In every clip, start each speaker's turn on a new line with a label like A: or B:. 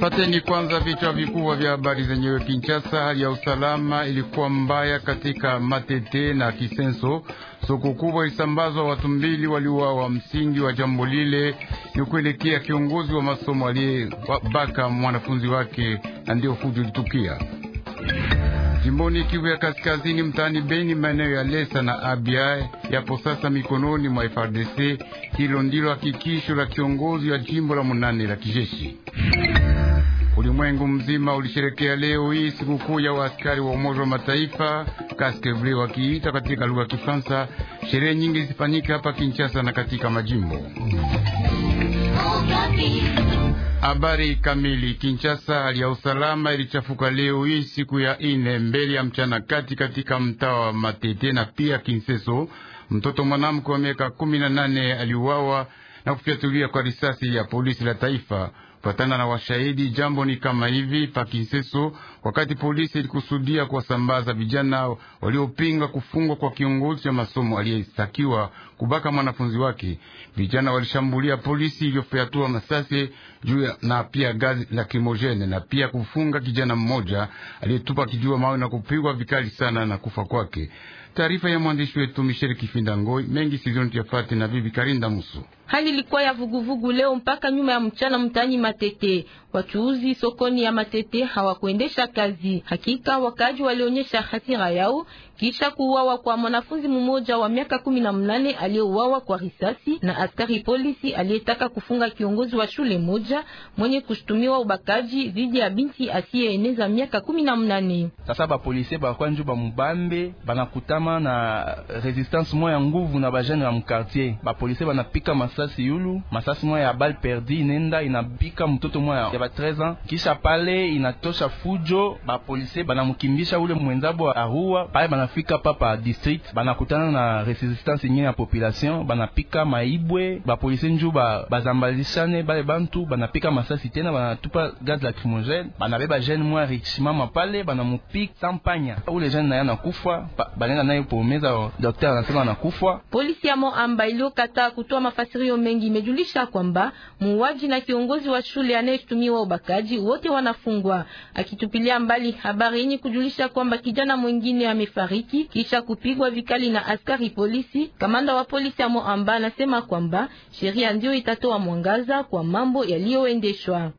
A: Pateni kwanza vichwa vikubwa vya habari zenyewe. Kinshasa, hali ya usalama ilikuwa mbaya katika Matete na Kisenso. Soko kubwa ilisambazwa, watu mbili waliuawa. Msingi wa jambo lile ni kuelekea kiongozi wa masomo aliyebaka mwanafunzi wake, na ndio fujo ilitukia jimboni Kivu ya Kaskazini, mtaani Beni, maeneo ya Lesa na Abia yapo sasa mikononi mwa FARDC. Hilo ndilo hakikisho la kiongozi wa jimbo la munane la kijeshi. Ulimwengu mzima ulisherekea leo hii sikukuu ya waaskari wa Umoja wa Mataifa casque bleu wakiita katika lugha ya Kifaransa. Sherehe nyingi zifanyika hapa Kinshasa na katika majimbo. Habari kamili. Kinshasa, hali ya usalama ilichafuka leo hii siku ya ine mbele ya mchana kati katika mtaa wa Matete na pia Kinseso. Mtoto mwanamke wa miaka kumi na nane aliuawa na kufyatulia kwa risasi ya polisi la taifa. Kufatana na washahidi, jambo ni kama hivi pakiseso, wakati polisi ilikusudia kuwasambaza vijana waliopinga kufungwa kwa kiongozi wa masomo aliyestakiwa kubaka mwanafunzi wake, vijana walishambulia polisi iliyofyatua masasi juu na pia gazi la kimojene na pia kufunga kijana mmoja aliyetupa kijua mawe na kupigwa vikali sana na kufa kwake. Taarifa ya mwandishi wetu Misheri Kifinda Ngoi mengi sizoni tuyafate na Bibi Karinda Musu.
B: Hali ilikuwa ya vuguvugu leo mpaka nyuma ya mchana mtaani Matete. Wachuuzi sokoni ya Matete hawakuendesha kazi. Hakika wakaji walionyesha hasira yao kisha kuuawa kwa mwanafunzi mmoja wa miaka kumi na mnane aliyeuawa kwa risasi na askari polisi aliyetaka kufunga kiongozi wa shule moja mwenye kushtumiwa ubakaji dhidi ya binti asiyeeneza miaka kumi na mnane.
C: Sasa bapolisi bakwanju bamubambe banakutama na resistance moya nguvu na bajene ya mkartier. Bapolisi banapika masa masasi yulu masasi moya ya bal perdi inenda inabika mtoto moya ya ba 13 ans, kisha pale inatosha fujo, bapolisie banamukimbisha ule mwenzabo ahua pale. Banafika papa district banakutana na resistance nyingine ya population, banapika maibwe bapolisie nju bazambalishane bale bantu, banapika masasi tena, banatupa gaz lacrymogene, banabeba jeune moya richimama pale banamupika sampanya, ule jeune naye anakufa, banenda naye pomeza, daktari anasema anakufa.
B: Polisi ya Moamba iliyokata kutoa mafasirio hayo Mengi imejulisha kwamba muuaji na kiongozi wa shule anayeshutumiwa ubakaji wote wanafungwa, akitupilia mbali habari yenye kujulisha kwamba kijana mwingine amefariki kisha kupigwa vikali na askari polisi. Kamanda wa polisi Amo Amba anasema kwamba sheria ndio itatoa mwangaza kwa mambo yaliyoendeshwa.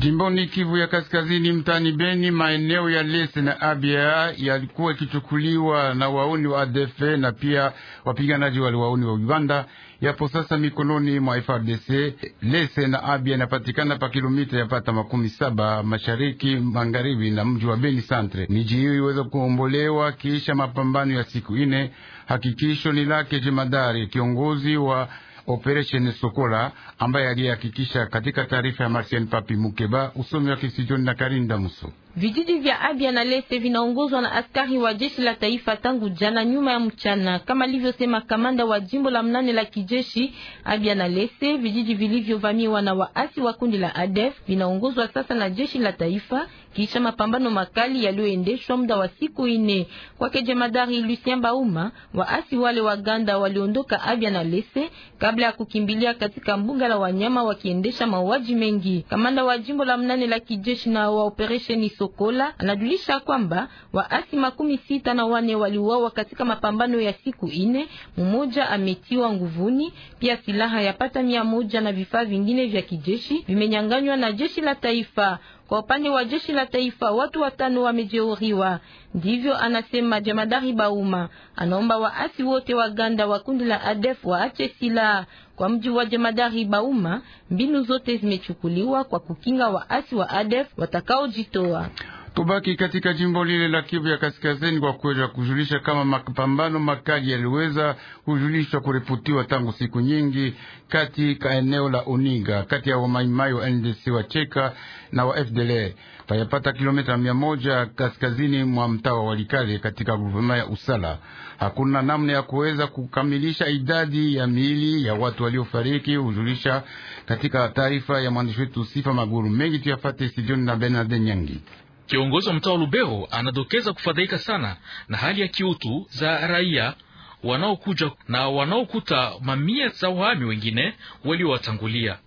A: Jimboni Kivu ya Kaskazini, mtani Beni, maeneo ya Lese na Abia yalikuwa ikichukuliwa na wauni wa ADF na pia wapiganaji wale wauni wa Uganda, yapo sasa mikononi mwa frdc Lese na Abia inapatikana pa kilomita pata makumi saba mashariki magharibi na mji wa Beni Centre. Miji hiyo iweza kuombolewa kisha mapambano ya siku ine. Hakikisho ni lake jemadari kiongozi wa operesheni Sokola ambaye aliyehakikisha katika taarifa ya Marcien Papi Mukeba, usomi wa Kisijoni na Karinda Muso.
B: Vijiji vya Abia na Lese vinaongozwa na askari wa jeshi la taifa tangu jana nyuma ya mchana, kama alivyosema kamanda wa jimbo la mnane la kijeshi Abia na Lese. Vijiji vilivyovamiwa na waasi wa kundi la ADF vinaongozwa sasa na jeshi la taifa kisha mapambano makali yaliyoendeshwa muda wa siku ine. Kwake jemadari Lucien Bauma, waasi wale Waganda waliondoka Abia na Lese kabla ya kukimbilia katika mbuga la wanyama wakiendesha mauaji mengi. Kamanda wa jimbo la mnane la kijeshi na wa operesheni Sokola anajulisha kwamba waasi makumi sita na wane waliuawa katika mapambano ya siku ine, mmoja ametiwa nguvuni. Pia silaha yapata mia moja na vifaa vingine vya kijeshi vimenyanganywa na jeshi la taifa. Kwa upande wa jeshi la taifa watu watano wamejeruhiwa, ndivyo anasema Jamadari Bauma. Anaomba waasi wote wa ganda wa kundi la ADF waache silaha. Kwa mjibu wa Jamadari Bauma, mbinu zote zimechukuliwa kwa kukinga waasi wa ADF watakaojitoa.
A: Tubaki katika jimbo lile la Kivu ya Kaskazini kwa kuweza kujulisha kama mapambano makali yaliweza kujulishwa kuripotiwa tangu siku nyingi katika eneo la Uninga kati ya wamaimai wa NDC wa Cheka na wa fdl payapata kilomita mia moja kaskazini mwa mtawa Walikale katika guvema ya Usala. Hakuna namna ya kuweza kukamilisha idadi ya miili ya watu waliofariki, hujulisha katika taarifa ya mwandishi wetu Sifa Maguru. Mengi tuyafate studioni na Bernard Nyangi.
C: Kiongozi wa mtaa wa Lubero anadokeza kufadhaika sana na hali ya kiutu za raia wanaokuja na wanaokuta mamia za wahami wengine waliowatangulia.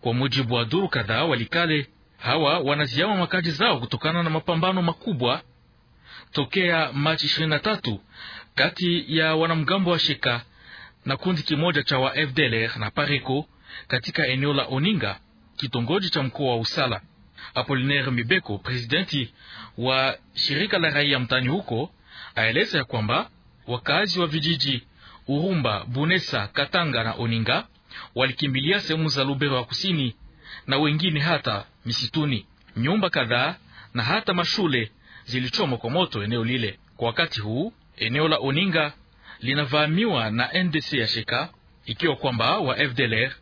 C: Kwa mujibu wa duru kadhaa, Walikale hawa wanaziama makazi zao kutokana na mapambano makubwa tokea Machi 23 kati ya wanamgambo wa Sheka na kundi kimoja cha wa FDLR na Pareko katika eneo la Oninga, kitongoji cha mkoa wa Usala. Apolinaire Mibeko, presidenti wa shirika la raia mtani huko, aeleza ya kwamba wakazi wa vijiji Urumba, Bunesa, Katanga na Oninga walikimbilia sehemu za Lubero wa kusini na wengine hata misituni. Nyumba kadhaa na hata mashule zilichomwa kwa moto eneo lile. Kwa wakati huu eneo la Oninga linavamiwa na NDC ya Sheka, ikiwa kwamba wa FDLR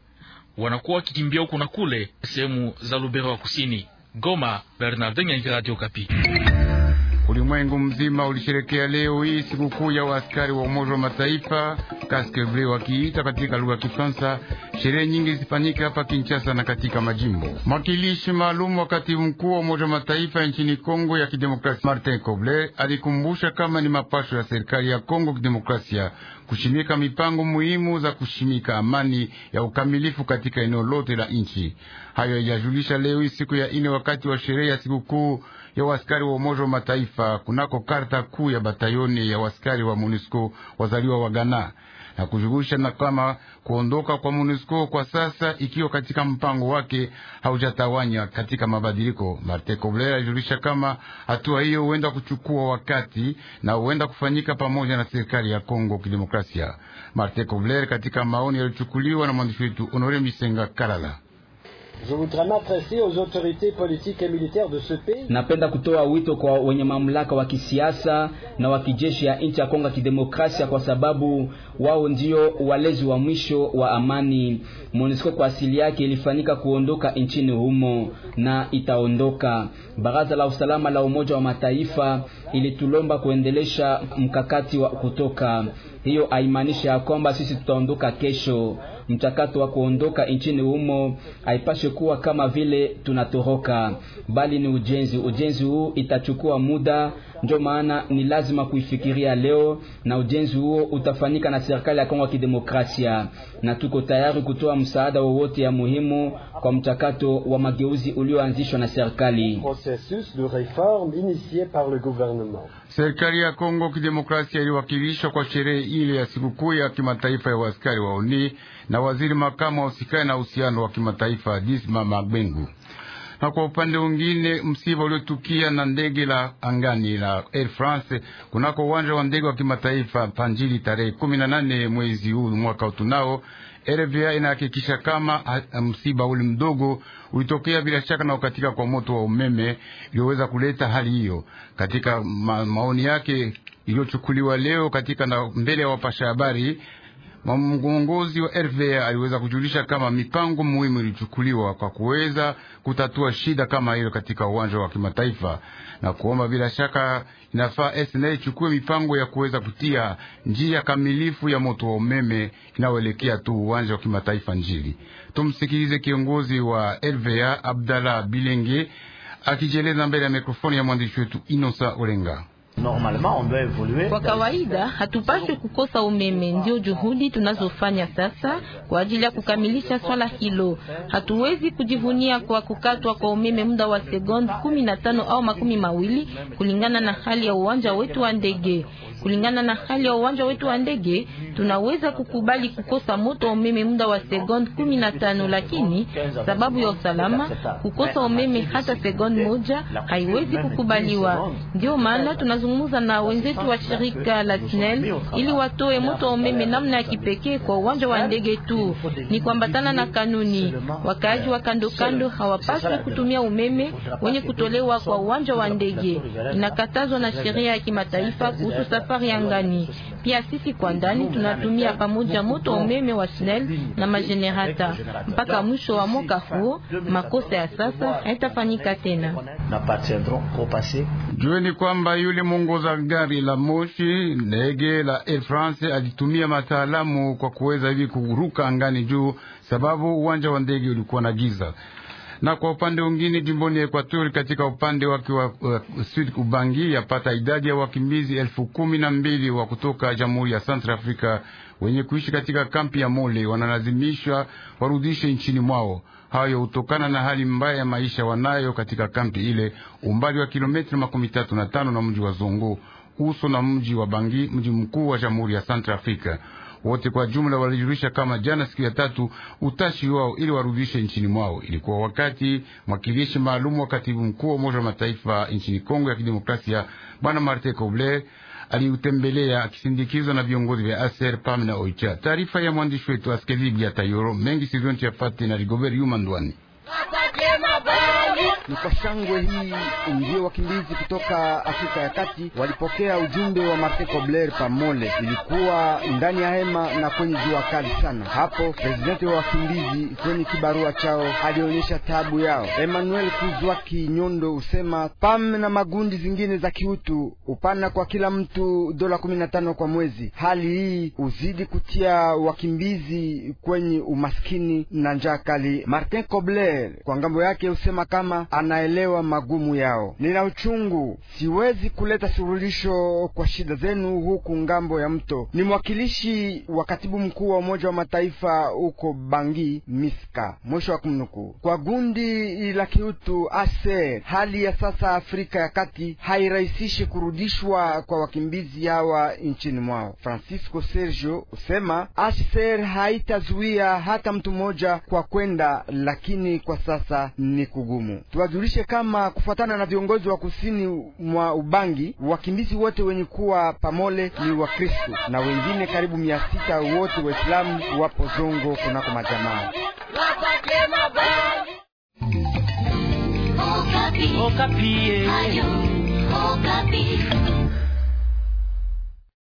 C: wanakuwa wakikimbia huku na kule sehemu za Lubero wa kusini. Goma, Bernard Nyangi, Radio Kapi.
A: Ulimwengu mzima ulisherekea leo hii sikukuu ya waaskari wa Umoja wa Mataifa, kaskevre wakiita katika lugha ya Kifaransa Sherehe nyingi zifanyike hapa Kinshasa na katika majimbo. Mwakilishi maalum wa katibu mkuu wa Umoja Mataifa nchini Kongo ya Kidemokrasia, Martin Kobler, alikumbusha kama ni mapasho ya serikali ya Kongo Kidemokrasia kushimika mipango muhimu za kushimika amani ya ukamilifu katika eneo lote la nchi. Hayo yajulisha leo siku ya ine wakati wa sherehe ya sikukuu ya waskari wa Umoja wa Mataifa kunako karta kuu ya batayoni ya waskari wa MONUSCO wazaliwa wa Ghana na kujugusha na kama kuondoka kwa MONUSCO kwa sasa ikiwa katika mpango wake haujatawanya katika mabadiliko. Martin Kobler alijulisha kama hatua hiyo huenda kuchukua wakati na huenda kufanyika pamoja na serikali ya Kongo Kidemokrasia. Martin Kobler katika maoni yaliyochukuliwa na mwandishi wetu Honore Misenga Kalala.
D: Napenda kutoa wito kwa wenye mamlaka wa kisiasa na wa kijeshi ya nchi ya Kongo ya Kidemokrasia, kwa sababu wao ndio walezi wa mwisho wa amani. MONUSCO kwa asili yake ilifanyika kuondoka nchini humo na itaondoka. Baraza la usalama la Umoja wa Mataifa ilitulomba kuendelesha mkakati wa kutoka. Hiyo haimaanishi ya kwamba sisi tutaondoka kesho mchakato wa kuondoka nchini humo haipashe kuwa kama vile tunatoroka, bali ni ujenzi. Ujenzi huu itachukua muda ndio maana ni lazima kuifikiria leo, na ujenzi huo utafanyika na serikali ya Kongo ya Kidemokrasia, na tuko tayari kutoa msaada wowote ya muhimu kwa mchakato wa mageuzi ulioanzishwa na serikali.
A: Serikali ya Kongo Kidemokrasia iliwakilishwa kwa sherehe ile ya sikukuu ya kimataifa ya askari wa ONI na waziri makamu wa usikani na uhusiano wa kimataifa Disma Magbengu na kwa upande mwingine msiba uliotukia na ndege la angani la Air France kunako uwanja wa ndege wa kimataifa Panjili tarehe kumi na nane mwezi huu mwaka utunao. RVA inahakikisha kama msiba ule mdogo ulitokea bila shaka na ukatika kwa moto wa umeme iliyoweza kuleta hali hiyo. Katika ma maoni yake iliyochukuliwa leo katika na mbele ya wapasha habari Mgongozi wa RVA aliweza kujulisha kama mipango muhimu ilichukuliwa kwa kuweza kutatua shida kama hiyo katika uwanja wa kimataifa na kuomba bila shaka inafaa SNA ichukue mipango ya kuweza kutia njia kamilifu ya moto wa umeme inayoelekea tu uwanja wa kimataifa Njili. Tumsikilize kiongozi wa RVA Abdallah Bilenge akijieleza mbele ya mikrofoni ya mwandishi wetu Inosa Olenga.
D: Kwa kawaida
B: hatupaswi kukosa umeme, ndio juhudi tunazofanya sasa kwa ajili ya kukamilisha swala hilo. Hatuwezi kujivunia kwa kukatwa kwa umeme muda wa sekondi kumi na tano au makumi mawili kulingana na hali ya uwanja wetu wa ndege. Kulingana na hali ya uwanja wetu wa ndege, tunaweza kukubali kukosa moto wa umeme muda wa sekondi kumi na tano, lakini sababu ya usalama, kukosa umeme hata sekondi moja haiwezi kukubaliwa. Ndio maana tunazungumza na wenzetu wa shirika la SNEL ili watoe moto wa umeme namna ya kipekee kwa uwanja wa ndege tu. Ni kuambatana na kanuni, wakaaji wa kando kando hawapaswi kutumia umeme wenye kutolewa kwa uwanja wa ndege, inakatazwa na sheria ya kimataifa kuhusu safari ya ndani. Pia sisi kwa ndani tunatumia pamoja moto umeme wa SNEL na majenerata. Mpaka mwisho wa mwaka huu makosa ya sasa haitafanyika tena.
A: Jueni kwamba yule mwongoza gari la moshi ndege la Air France alitumia mataalamu kwa kuweza hivi kuruka angani juu, sababu uwanja wa ndege ulikuwa na giza na kwa upande mwingine jimboni ya Ekwatori katika upande wake wa uh, Sud Ubangi yapata idadi ya wakimbizi elfu kumi na mbili wa kutoka Jamhuri ya Central Africa wenye kuishi katika kampi ya Mole wanalazimishwa warudishe nchini mwao. Hayo hutokana na hali mbaya ya maisha wanayo katika kampi ile, umbali wa kilometri makumi tatu na tano na mji wa Zongo, uso na mji wa Bangi, mji mkuu wa Jamhuri ya Central Africa. Wote kwa jumla walijulisha kama jana siku ya tatu utashi wao ili warudishe nchini mwao. Ilikuwa wakati mwakilishi maalum wa katibu mkuu wa Umoja wa Mataifa nchini Kongo ya Kidemokrasia Bwana Martin Kobler aliutembelea akisindikizwa na viongozi vya ASER PAM na OICHA. Taarifa ya mwandishi wetu Askezibia Tayoro mengi sizonti ya Fati na Rigobert Yumandwani. Ni kwa shangwe hii
D: ndio wakimbizi kutoka Afrika ya Kati walipokea ujumbe wa Martin Kobler Pamole. Ilikuwa ndani ya hema na kwenye jua kali sana. Hapo prezidenti wa wakimbizi kwenye kibarua chao alionyesha tabu yao. Emmanuel Kuzwaki Nyondo usema PAM na magundi zingine za kiutu upana kwa kila mtu dola kumi na tano kwa mwezi. Hali hii uzidi kutia wakimbizi kwenye umaskini na njaa kali. Martin Kobler kwa ngambo yake usema kama anaelewa magumu yao. Nina uchungu, siwezi kuleta suluhisho kwa shida zenu huku ngambo ya mto. Ni mwakilishi wa katibu mkuu wa Umoja wa Mataifa huko Bangi, Miska. Mwisho wa kumnukuu. Kwa gundi la kiutu ase, hali ya sasa Afrika ya Kati hairahisishi kurudishwa kwa wakimbizi hawa nchini mwao. Francisco Sergio usema aser haitazuia hata mtu mmoja kwa kwenda, lakini kwa sasa ni kugumu tuwajulishe kama kufuatana na viongozi wa kusini mwa Ubangi, wakimbizi wote wenye kuwa Pamole ni Wakristo na wengine karibu mia sita wote Waislamu wapo Zongo kunako majamaa
C: Okapi. Okapi.